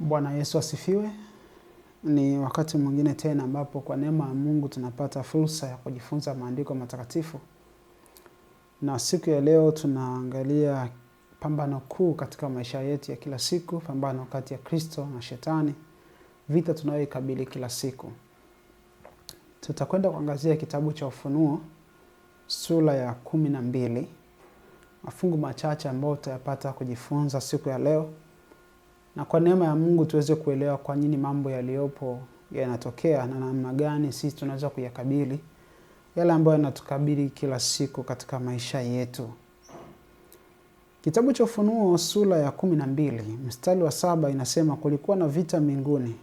Bwana Yesu asifiwe. Ni wakati mwingine tena ambapo kwa neema ya Mungu tunapata fursa ya kujifunza maandiko matakatifu, na siku ya leo tunaangalia pambano kuu katika maisha yetu ya kila siku, pambano kati ya Kristo na Shetani, vita tunayoikabili kila siku. Tutakwenda kuangazia kitabu cha Ufunuo sura ya kumi na mbili, mafungu machache ambayo tutayapata kujifunza siku ya leo na kwa neema ya Mungu tuweze kuelewa kwa nini mambo yaliyopo yanatokea na namna gani sisi tunaweza kuyakabili yale ambayo yanatukabili kila siku katika maisha yetu. Kitabu cha Ufunuo sura ya kumi na mbili mstari wa saba inasema, kulikuwa na vita mbinguni,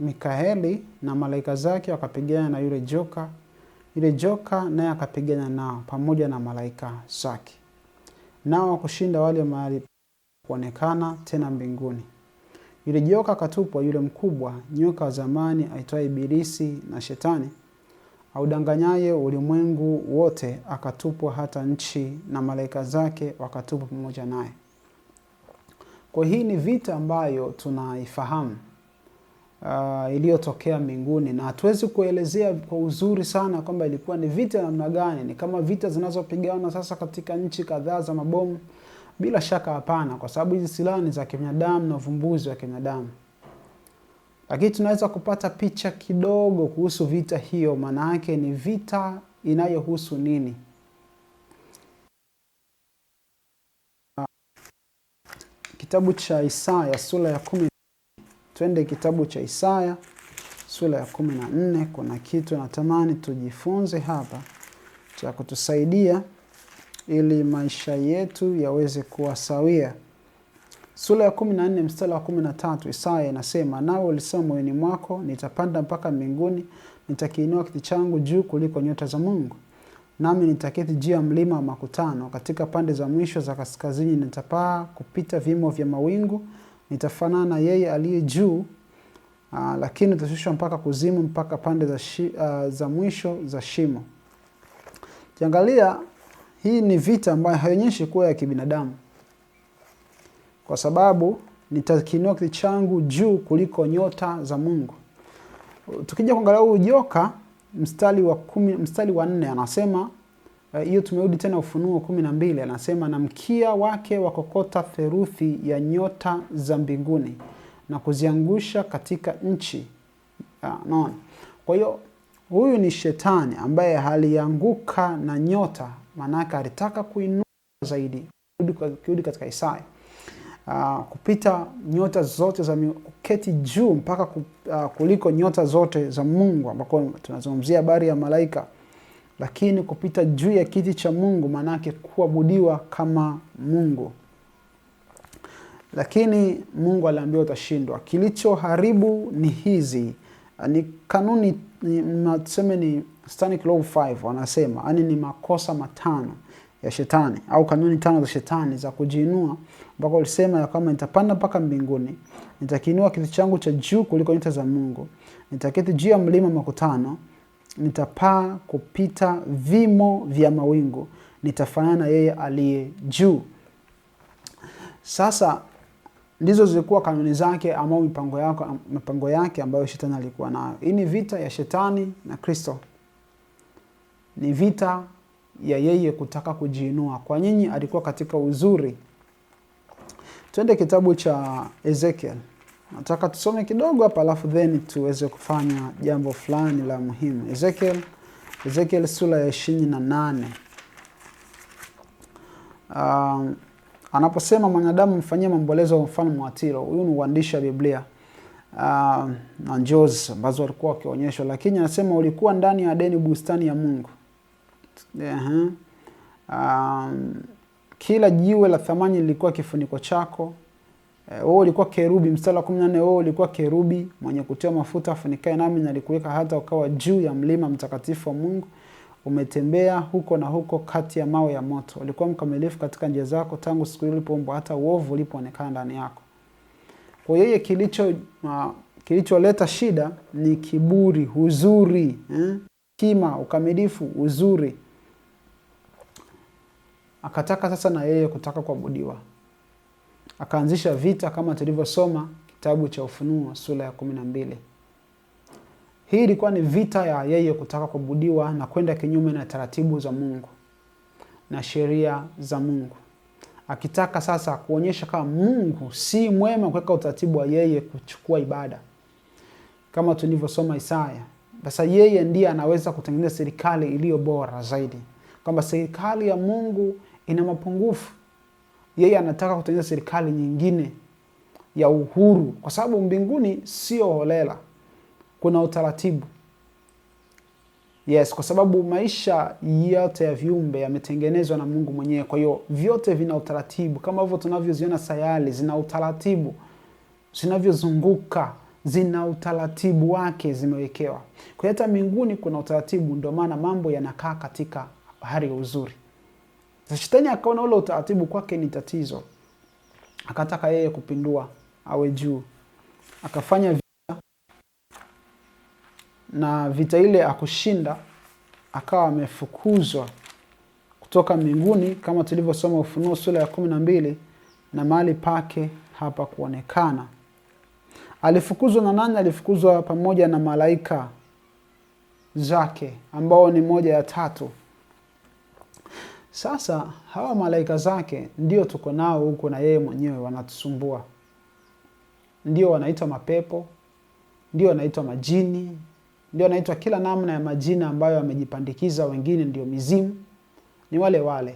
Mikaeli na malaika zake wakapigana na yule joka, yule joka naye akapigana nao pamoja na malaika zake, nao wakushinda wale mahali kuonekana tena mbinguni. Yule joka akatupwa, yule mkubwa nyoka wa zamani aitwaye Ibilisi na Shetani, audanganyaye ulimwengu wote, akatupwa hata nchi, na malaika zake wakatupwa pamoja naye. Kwa hii ni vita ambayo tunaifahamu uh, iliyotokea mbinguni na hatuwezi kuelezea kwa uzuri sana kwamba ilikuwa ni vita namna gani. Ni kama vita zinazopiganwa sasa katika nchi kadhaa za mabomu bila shaka hapana, kwa sababu hizi silaha ni za kibinadamu na uvumbuzi wa kibinadamu, lakini tunaweza kupata picha kidogo kuhusu vita hiyo. Maana yake ni vita inayohusu nini? Kitabu cha Isaya sura ya kumi, twende kitabu cha Isaya sura ya kumi na nne. Kuna kitu natamani tujifunze hapa cha kutusaidia ili maisha yetu yaweze kuwa sawia. Sura ya 14 mstari wa 13, Isaya inasema, nawe ulisema moyoni mwako, nitapanda mpaka mbinguni, nitakiinua kiti changu juu kuliko nyota za Mungu, nami nitaketi juu ya mlima wa makutano, katika pande za mwisho za kaskazini nitapaa kupita vimo vya mawingu, nitafanana na yeye aliye juu Aa, ah, lakini utashushwa mpaka kuzimu mpaka pande za, shi, uh, za mwisho za shimo. Kiangalia hii ni vita ambayo haionyeshi kuwa ya kibinadamu, kwa sababu nitakinua kiti changu juu kuliko nyota za Mungu. Tukija kuangalia huu joka mstari wa kumi, mstari wa nne anasema eh, hiyo, uh, tumerudi tena Ufunuo kumi na mbili anasema na mkia wake wakokota theruthi ya nyota za mbinguni na kuziangusha katika nchi. Uh, ah, naona. Kwa hiyo huyu ni shetani ambaye alianguka na nyota maanake alitaka kuinua zaidi, kirudi katika Isaya uh, kupita nyota zote za kuketi juu mpaka ku, uh, kuliko nyota zote za Mungu, ambako tunazungumzia habari ya malaika, lakini kupita juu ya kiti cha Mungu maanake kuabudiwa kama Mungu. Lakini Mungu aliambiwa utashindwa. Kilichoharibu ni hizi ah, ni kanuni, ni tuseme ni Satanic Law 5 wanasema, yani ni makosa matano ya shetani au kanuni tano za shetani za kujiinua, ambako alisema ya kama nitapanda mpaka mbinguni, nitakiinua kiti changu cha juu kuliko nyota za Mungu, nitaketi juu ya mlima makutano, nitapaa kupita vimo vya mawingu, nitafanana na yeye aliye juu. Sasa ndizo zilikuwa kanuni zake ama mipango yake, mipango yake ambayo shetani alikuwa nayo. Hii ni vita ya shetani na Kristo ni vita ya yeye kutaka kujiinua. Kwa nyinyi alikuwa katika uzuri. Twende kitabu cha Ezekiel, nataka tusome kidogo hapa, alafu then tuweze kufanya jambo fulani la muhimu. Ezekiel, Ezekiel sura ya ishirini na nane um, anaposema mwanadamu mfanyie maombolezo wa mfalme wa Tiro. Huyu ni uandishi wa Biblia uh, na njozi ambazo walikuwa wakionyeshwa, lakini anasema ulikuwa ndani ya deni bustani ya Mungu. Ehe. Eh. Um, kila jiwe la thamani lilikuwa kifuniko chako. Eh, wewe uh, ulikuwa kerubi, mstari wa 14, wewe ulikuwa kerubi mwenye kutia mafuta afunikae nami nalikuweka hata ukawa juu ya mlima mtakatifu wa Mungu. Umetembea huko na huko kati ya mawe ya moto. Ulikuwa mkamilifu katika njia zako tangu siku ile ulipoumbwa hata uovu ulipoonekana ndani yako. Kwa yeye kilicho uh, Kilicholeta shida ni kiburi, huzuri, eh? Kima, ukamilifu, uzuri akataka sasa na yeye kutaka kuabudiwa, akaanzisha vita kama tulivyosoma kitabu cha Ufunuo sura ya kumi na mbili. Hii ilikuwa ni vita ya yeye kutaka kuabudiwa na kwenda kinyume na taratibu za Mungu na sheria za Mungu, akitaka sasa kuonyesha kama Mungu si mwema kuweka utaratibu wa yeye kuchukua ibada kama tulivyosoma Isaya. Sasa yeye ndiye anaweza kutengeneza serikali iliyo bora zaidi, kwamba serikali ya Mungu ina mapungufu. Yeye anataka kutengeneza serikali nyingine ya uhuru, kwa sababu mbinguni sio holela, kuna utaratibu. Yes, kwa sababu maisha yote ya viumbe yametengenezwa na Mungu mwenyewe. Kwa hiyo vyote vina utaratibu, kama hivyo tunavyoziona sayari zina utaratibu, zinavyozunguka zina utaratibu wake, zimewekewa. Kwa hiyo hata mbinguni kuna utaratibu, ndio maana mambo yanakaa katika hali ya uzuri. Sasa Shetani akaona ule utaratibu kwake ni tatizo, akataka yeye kupindua awe juu, akafanya vita na vita ile akushinda, akawa amefukuzwa kutoka mbinguni kama tulivyosoma Ufunuo sura ya kumi na mbili na mahali pake hapa kuonekana. Alifukuzwa na nani? Alifukuzwa pamoja na malaika zake ambao ni moja ya tatu. Sasa hawa malaika zake ndio tuko nao huku na yeye mwenyewe wanatusumbua, ndio wanaitwa mapepo, ndio wanaitwa majini, ndio wanaitwa kila namna ya majina ambayo wamejipandikiza, wengine ndio mizimu, ni wale wale.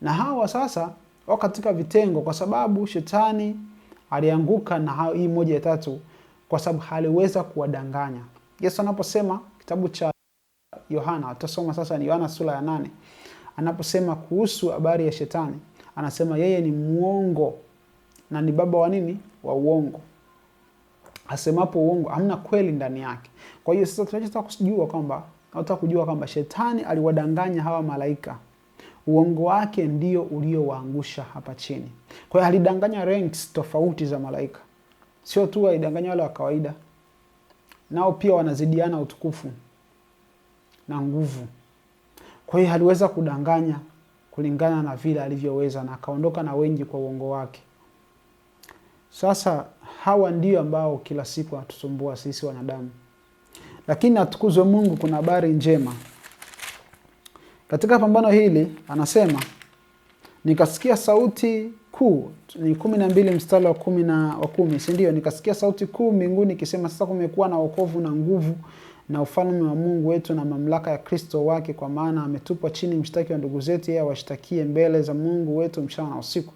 Na hawa sasa wako katika vitengo, kwa sababu shetani alianguka na hii moja ya tatu, kwa sababu haliweza kuwadanganya. Yesu anaposema kitabu cha Yohana, tutasoma sasa, ni Yohana sura ya nane anaposema kuhusu habari ya shetani, anasema yeye ni mwongo na ni baba wa nini? Wa uongo. Asemapo uongo, hamna kweli ndani yake. Kwa hiyo sasa tunachotaka kujua kwamba nataka kujua kwamba shetani aliwadanganya hawa malaika. Uongo wake ndio uliowaangusha hapa chini. Kwa hiyo alidanganya ranks tofauti za malaika, sio tu alidanganya wale wa kawaida, nao pia wanazidiana utukufu na nguvu. Kwa hiyo aliweza kudanganya kulingana na vile alivyoweza na akaondoka na wengi kwa uongo wake. Sasa hawa ndio ambao kila siku anatusumbua sisi wanadamu, lakini atukuzwe Mungu, kuna habari njema katika pambano hili. Anasema nikasikia sauti kuu, ni kumi na mbili mstari wa kumi na wa kumi, si ndio? Nikasikia sauti kuu mbinguni ikisema, sasa kumekuwa na wokovu na nguvu na ufalme wa Mungu wetu na mamlaka ya Kristo wake, kwa maana ametupwa chini mshtaki wa ndugu zetu, yeye awashtakie mbele za Mungu wetu mchana na usiku.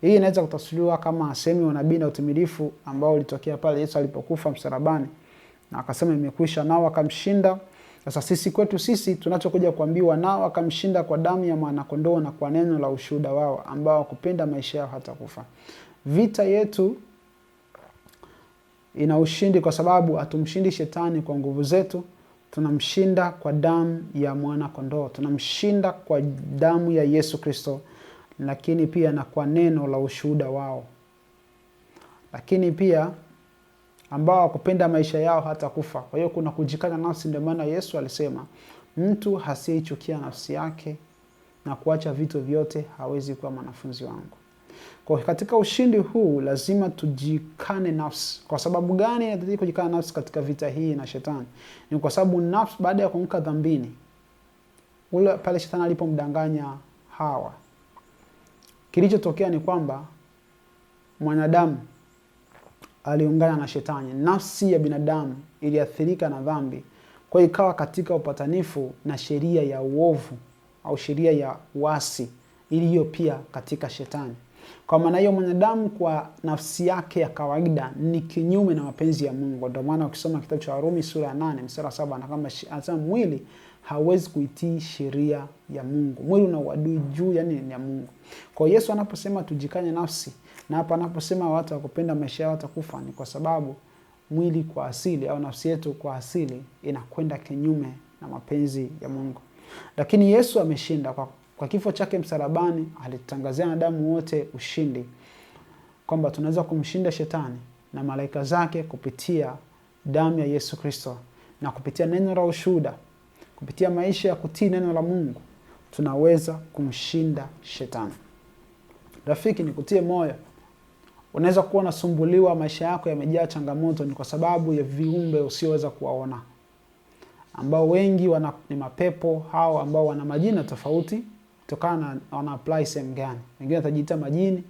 Hii inaweza kutafsiriwa kama asemi wa unabii na utimilifu ambao ulitokea pale Yesu alipokufa msalabani na akasema imekwisha, nao akamshinda. Sasa sisi kwetu sisi tunachokuja kuambiwa, nao akamshinda kwa damu ya mwanakondoo na kwa neno la ushuhuda wao, ambao kupenda maisha yao hata kufa. Vita yetu ina ushindi kwa sababu hatumshindi shetani kwa nguvu zetu, tunamshinda kwa damu ya mwana kondoo, tunamshinda kwa damu ya Yesu Kristo, lakini pia na kwa neno la ushuhuda wao, lakini pia ambao wakupenda maisha yao hata kufa. Kwa hiyo kuna kujikana nafsi, ndio maana Yesu alisema mtu asiyeichukia nafsi yake na kuacha vitu vyote hawezi kuwa mwanafunzi wangu. Kwa katika ushindi huu lazima tujikane nafsi. Kwa sababu gani inatakiwa kujikana nafsi katika vita hii na shetani? Ni kwa sababu nafsi baada ya kuanguka dhambini, ule pale shetani alipomdanganya Hawa, kilichotokea ni kwamba mwanadamu aliungana na shetani, nafsi ya binadamu iliathirika na dhambi, kwa hiyo ikawa katika upatanifu na sheria ya uovu au sheria ya uasi iliyo pia katika shetani. Kwa maana hiyo, mwanadamu kwa nafsi yake ya kawaida ni kinyume na mapenzi ya Mungu. Ndio maana ukisoma kitabu cha Warumi sura ya 8 mstari wa 7 anakama anasema mwili hawezi kuitii sheria ya Mungu. Mwili una uadui juu yani ya Mungu. Kwa Yesu anaposema tujikanye nafsi na hapa anaposema watu wakupenda maisha yao watakufa ni kwa sababu mwili kwa asili au nafsi yetu kwa asili inakwenda kinyume na mapenzi ya Mungu. Lakini Yesu ameshinda kwa kwa kifo chake msalabani alitangazia wanadamu wote ushindi, kwamba tunaweza kumshinda shetani na malaika zake kupitia damu ya Yesu Kristo na kupitia neno la ushuhuda, kupitia maisha ya kutii neno la Mungu tunaweza kumshinda shetani. Rafiki, nikutie moyo, unaweza kuwa unasumbuliwa, maisha yako yamejaa changamoto, ni kwa sababu ya viumbe usioweza kuwaona ambao wengi wana, ni mapepo hao ambao wana majina tofauti kutokana na wana apply sehemu gani. Wengine watajiita majini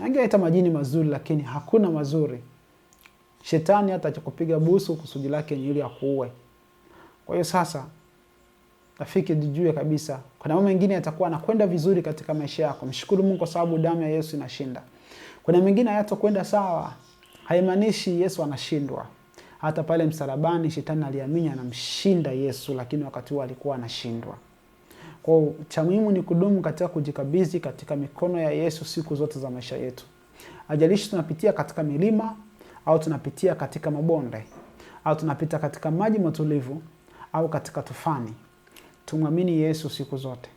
wengine wataita majini mazuri, lakini hakuna mazuri. Shetani hata atakupiga busu, kusudi lake ni ili akuue. Kwa hiyo sasa, rafiki, jijue kabisa kuna mambo mengine yatakuwa anakwenda vizuri katika maisha yako. Mshukuru Mungu kwa sababu damu ya Yesu inashinda. Kuna mengine hayatokwenda sawa, haimaanishi Yesu anashindwa. Hata pale msalabani, shetani aliamini anamshinda Yesu, lakini wakati huo alikuwa anashindwa. Kwa cha muhimu ni kudumu katika kujikabidhi katika mikono ya Yesu siku zote za maisha yetu. Ajalishi tunapitia katika milima au tunapitia katika mabonde au tunapita katika maji matulivu au katika tufani, tumwamini Yesu siku zote.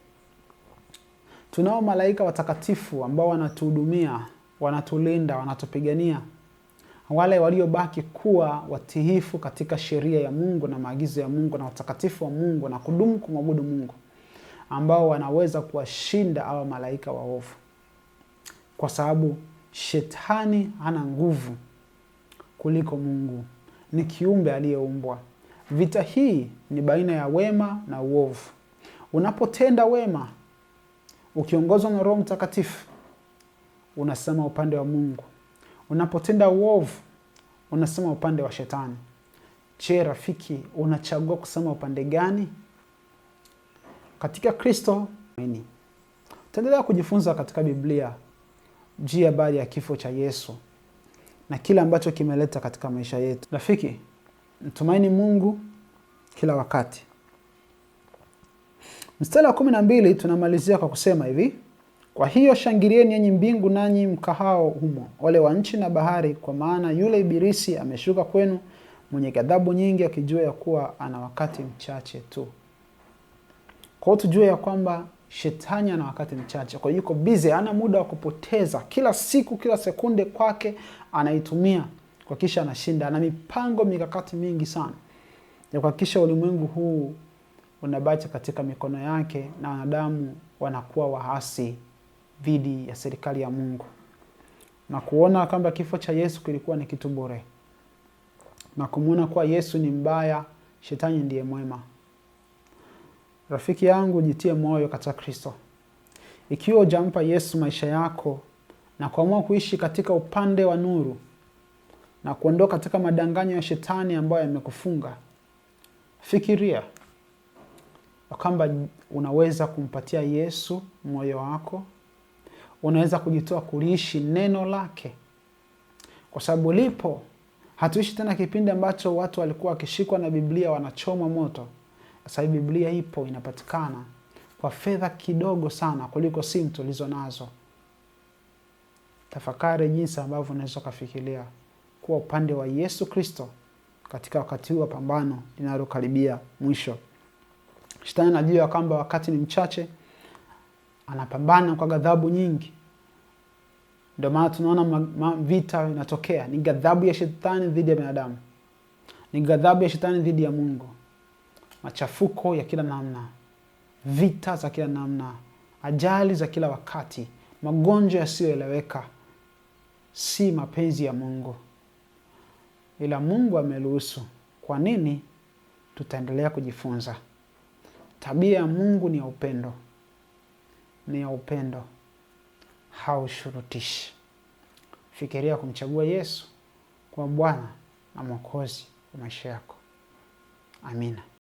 Tunao malaika watakatifu ambao wanatuhudumia, wanatulinda, wanatupigania, wale waliobaki kuwa watiifu katika sheria ya Mungu na maagizo ya Mungu na utakatifu wa Mungu na kudumu kumwabudu Mungu ambao wanaweza kuwashinda hawa malaika waovu, kwa sababu shetani hana nguvu kuliko Mungu. Ni kiumbe aliyeumbwa. Vita hii ni baina ya wema na uovu. Unapotenda wema ukiongozwa na Roho Mtakatifu unasema upande wa Mungu, unapotenda uovu unasema upande wa shetani. Che, rafiki, unachagua kusema upande gani? katika Kristo. Tutaendelea kujifunza katika Biblia juu ya habari ya kifo cha Yesu na kile ambacho kimeleta katika maisha yetu. Rafiki, mtumaini Mungu kila wakati. Mstari wa kumi na mbili tunamalizia kwa kusema hivi: kwa hiyo shangilieni yenye mbingu, nanyi mkahao humo, ole wa nchi na bahari, kwa maana yule ibilisi ameshuka kwenu, mwenye ghadhabu nyingi, akijua ya kuwa ana wakati mchache tu. Kwa hiyo tujue ya kwamba shetani ana wakati mchache, kwa hiyo yuko busy, hana muda wa kupoteza. Kila siku, kila sekunde kwake anaitumia kuhakikisha anashinda. Ana mipango mikakati mingi sana ya kuhakikisha ulimwengu huu unabaki katika mikono yake na wanadamu wanakuwa waasi dhidi ya serikali ya Mungu na kuona kwamba kifo cha Yesu kilikuwa ni kitu bure na kumwona kuwa Yesu ni mbaya, shetani ndiye mwema. Rafiki yangu, jitie moyo katika Kristo. Ikiwa hujampa Yesu maisha yako na kuamua kuishi katika upande wa nuru na kuondoka katika madanganyo ya shetani ambayo yamekufunga, fikiria ya kwamba unaweza kumpatia Yesu moyo wako, unaweza kujitoa kuliishi neno lake, kwa sababu lipo. Hatuishi tena kipindi ambacho watu walikuwa wakishikwa na Biblia wanachomwa moto. Sasa hivi Biblia ipo inapatikana kwa fedha kidogo sana kuliko simu tulizo nazo. Tafakari jinsi ambavyo unaweza ukafikiria kuwa upande wa Yesu Kristo katika wakati huu wa pambano linalokaribia mwisho. Shetani anajua kwamba wakati ni mchache, anapambana kwa ghadhabu nyingi. Ndio maana tunaona vita inatokea, ni ghadhabu ya shetani dhidi ya binadamu, ni ghadhabu ya shetani dhidi ya Mungu machafuko ya kila namna, vita za kila namna, ajali za kila wakati, magonjwa yasiyoeleweka, si mapenzi ya Mungu, ila Mungu ameruhusu. Kwa nini? Tutaendelea kujifunza. Tabia ya Mungu ni ya upendo, ni ya upendo, haushurutishi. Fikiria kumchagua Yesu kwa Bwana na Mwokozi wa maisha yako. Amina.